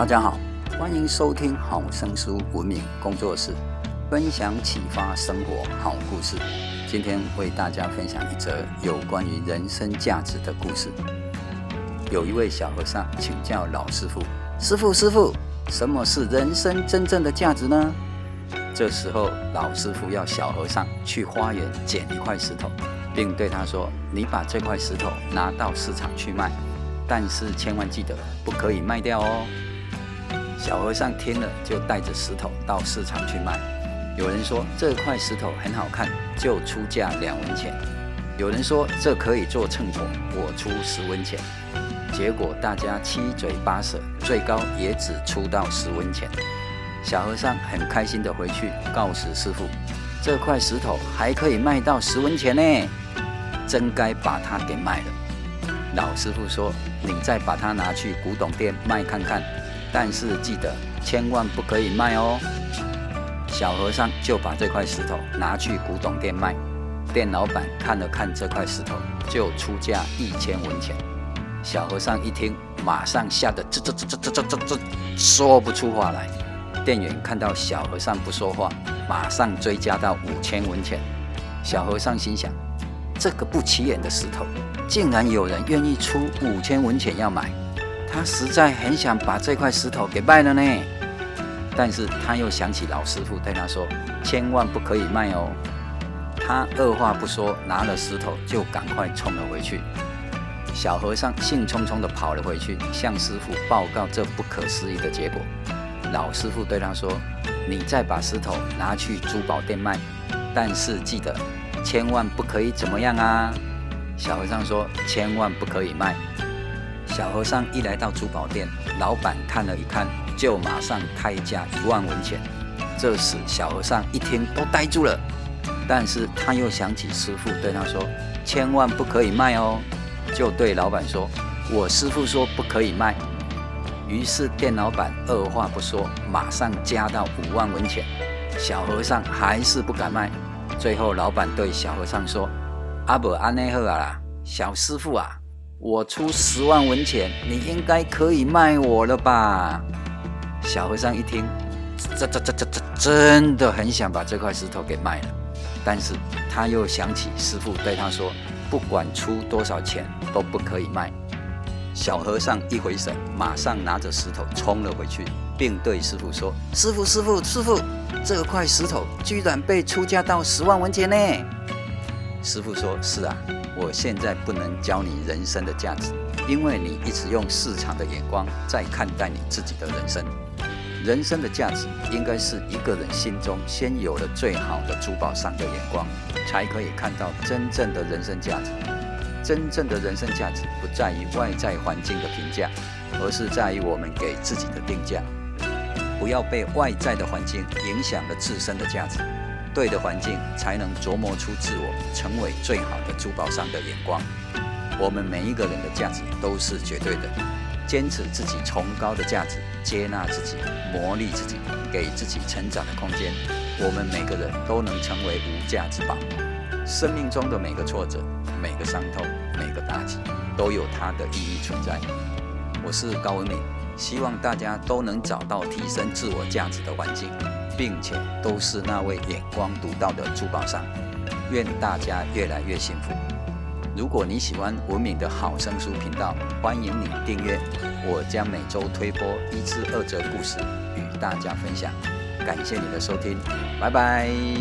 大家好，歡迎收聽好生書文明工作室分享啟發生活好故事。今天為大家分享一則有關於人生價值的故事。有一位小和尚請教老師傅：“師傅，師傅，什麼是人生真正的價值呢？”這時候，老師傅要小和尚去花園撿一塊石頭，並對他說：“你把這塊石頭拿到市場去賣，但是千萬記得不可以賣掉哦。”小和尚聽了，就帶着石頭到市場去賣。有人說這塊石頭很好看，就出價兩文錢；有人說這可以做秤砣，我出十文錢。結果大家七嘴八舌，最高也只出到十文錢。小和尚很開心地回去告訴師傅：“這塊石頭還可以賣到十文錢呢，真該把它給賣了。”老師傅說：“你再把它拿去古董店賣看看。”但是記得，千萬不可以賣哦！小和尚就把這塊石頭拿去古董店賣。店老板看了看這塊石頭，就出價一千文錢。小和尚一聽，馬上嚇得吱吱吱吱吱吱，說不出話來。店員看到小和尚不說話，馬上追加到五千文錢。小和尚心想：這個不起眼的石頭，竟然有人願意出五千文錢要買。他實在很想把這塊石頭給賣了呢，但是他又想起老師傅對他說：“千萬不可以賣哦。”他二話不說，拿了石頭就趕快衝了回去。小和尚興沖沖地跑了回去，向師傅報告這不可思議的結果。老師傅對他說：“你再把石頭拿去珠寶店賣，但是記得，千萬不可以怎麼樣啊？”小和尚說：“千萬不可以賣。”小和尚一來到珠寶店，老闆看了一看，就馬上開價一萬文錢。這時，小和尚一聽都呆住了。但是他又想起師父對他說：“千萬不可以賣哦。”就對老闆說：“我師父說不可以賣。”於是店老闆二話不說，馬上加到五萬文錢。小和尚還是不敢賣。最後，老闆對小和尚說：“啊不然按呢好啊，小師父啊。”我出十萬文錢，你應該可以賣我了吧？小和尚一聽，這這這這這，真的很想把這塊石頭給賣了。但是他又想起師傅對他說，不管出多少錢都不可以賣。小和尚一回神，馬上拿着石頭衝了回去，並對師傅說：“師傅，師傅，師傅，這塊石頭居然被出價到十萬文錢呢！”師傅說：“是啊。”我現在不能教你人生的價值，因為你一直用市場的眼光在看待你自己的人生。人生的價值應該是一個人心中先有了最好的珠寶商的眼光，才可以看到真正的人生價值。真正的人生價值不在於外在環境的評價，而是在於我們給自己的定價。不要被外在的環境影響了自身的價值。對的環境，才能琢磨出自我，成為最好的珠寶商的眼光。我們每一個人的價值都是絕對的，堅持自己崇高的價值，接納自己，磨礪自己，給自己成長的空間。我們每個人都能成為無價之寶。生命中的每個挫折、每個傷痛、每個打擊，都有它的意義存在。我是高文明，希望大家都能找到提升自我價值的環境。並且都是那位眼光獨到的珠寶商，願大家越來越幸福。如果你喜歡文敏的好聲書頻道，歡迎你訂閱，我將每周推播一至二則故事與大家分享。感謝你的收聽，拜拜。